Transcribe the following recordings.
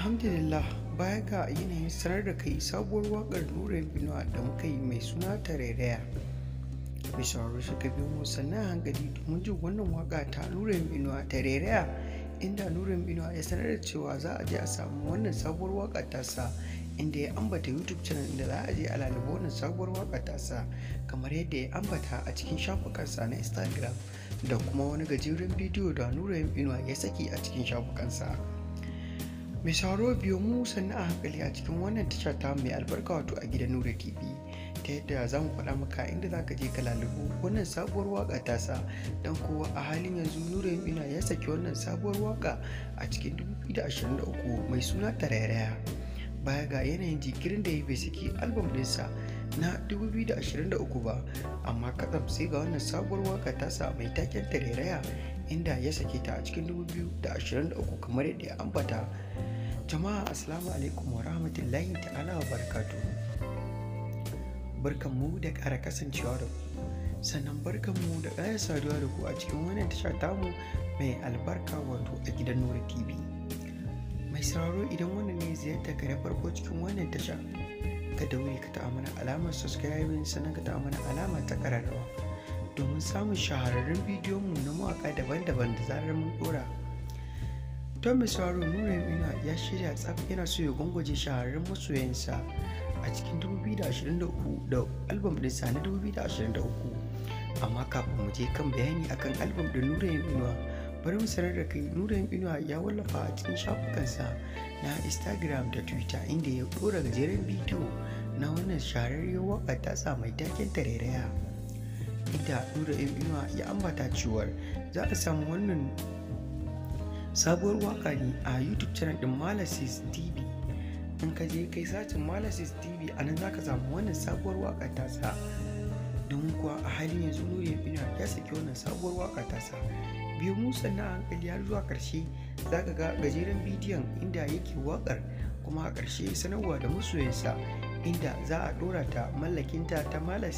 alhamdulillah baya ga yanayin sanar da kai sabuwar wakar nurin binuwa da muka yi mai suna tarairaya mai sauraro suka biyo musa sannan hankali domin jin wannan waka ta nurin nura binuwa tarairaya inda nurin inuwa ya sanar da cewa za a je a samu wannan sabuwar waka sa inda ya ambata youtube channel inda za a je a lalaba wannan sabuwar waka sa kamar yadda ya ambata a cikin shafukansa na instagram da kuma wani gajeren bidiyo da nurin inuwa ya saki a cikin shafukansa. mai sauro biyo mu sannan a hankali a cikin wannan tashar ta mai albarka wato a gidan nura tv ta yadda za mu faɗa maka inda za ka je ka lalubu wannan sabuwar waka ta sa don kowa a halin yanzu nura ina ya saki wannan sabuwar waka a cikin 2023 mai suna tarairaya baya ga yanayin jikirin da ya bai saki albam ɗinsa na 2023 ba amma katsam sai ga wannan sabuwar waka tasa mai taken tarairaya inda ya sake ta a cikin 2023 kamar yadda ya ambata jama'a assalamu alaikum wa rahmatullahi ta'ala wa barakatu barkanmu da ƙara kasancewa da ku sannan barkanmu da ƙara saduwa da ku a cikin wannan tasha tamu mai albarka wato a gidan nura tv mai sauraro idan wannan ne ziyarta ka na farko cikin wannan tasha ka daure ka ta'a mana alamar subscribing sannan ka ta'a mana alama ta kararrawa domin samun shahararrun bidiyon mu na mawaka daban-daban da zarar mun dora don misaro nura ya shirya tsaf yana so ya gungwaje shahararrun masoyansa a cikin 2023 da albam ɗinsa na 2023 amma kafin mu je kan bayani akan albam da nura ya bari mu sanar da kai nuran inuwa ya wallafa a cikin shafukansa na instagram da twitter inda ya ɗora gajeren bidiyo na wannan shahararriyar ta tasa mai taken tarairaya inda nura inuwa ya ambata cewar za a samu wannan sabuwar waka ne a youtube channel ɗin malasis tv in ka je kai sacin malasis tv a nan za ka samu wannan sabuwar ta tasa domin kuwa a halin yanzu nura inuwa ya saki wannan sabuwar waka tasa biyu musa na hankali har zuwa karshe za ka ga gajeren bidiyon inda yake wakar kuma a karshe sanarwa da masoyansa inda za a dora ta mallakinta ta mala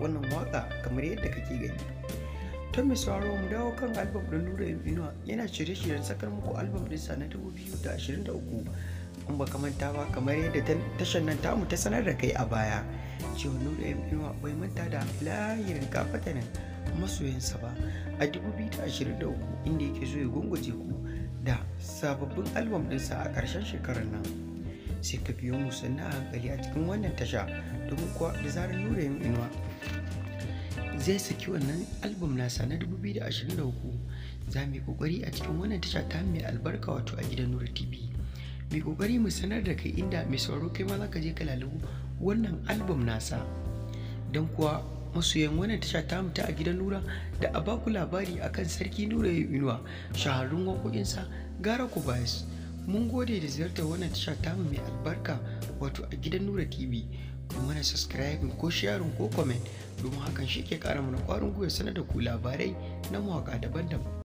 wannan waka kamar yadda kake gani Tommy Sauro mu dawo kan albam ɗin Nura yana shirye-shiryen sakar muku albam ɗinsa na 2023 in ba manta ba kamar yadda tashar nan tamu ta sanar da kai a baya cewa nuru inuwa bai manta da layin kafatanin masoyansa ba a 2023 inda yake zo ya gungaje ku da sababbin albam ɗinsa a ƙarshen shekarar nan sai ka biyo mu sannan a hankali a cikin wannan tasha domin kuwa da zarar nuna yin inuwa zai saki wannan albam nasa na 2023 za mu yi kokari a cikin wannan tasha ta mai albarka wato a gidan nura tv mai kokari mu sanar da kai inda mai sauraro kai ma zaka je ka lalubu wannan album nasa don kuwa masoyan wannan tasha ta mutu a gidan nura da a baku labari akan sarki nura ya inuwa shahararrun waƙoƙinsa gara ku bayas mun gode da ziyartar wannan tasha ta mai albarka wato a gidan nura tv ku mana subscribe ko sharing ko comment domin hakan shi ke kara mana kwarin gwiwa sanar da ku labarai na mawaka daban-daban